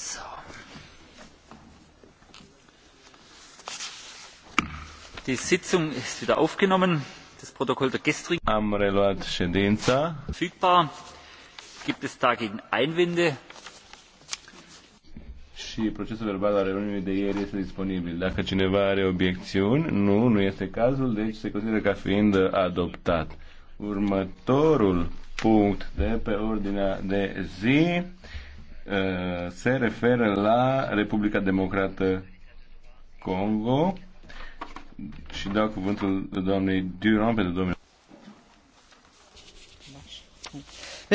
So. Die Sitzung ist wieder aufgenommen. Das Protokoll der gestrigen. Am reluat ședința. Verfügbar. Gibt es dagegen Einwände? Și procesul verbal al reuniunii de ieri este disponibil. Dacă cineva are obiecțiuni, nu, nu este cazul, deci se consideră ca fiind adoptat. Următorul punct de pe ordinea de zi Uh, se referă la Republica Democrată Congo și dau cuvântul doamnei Duran pentru domnul.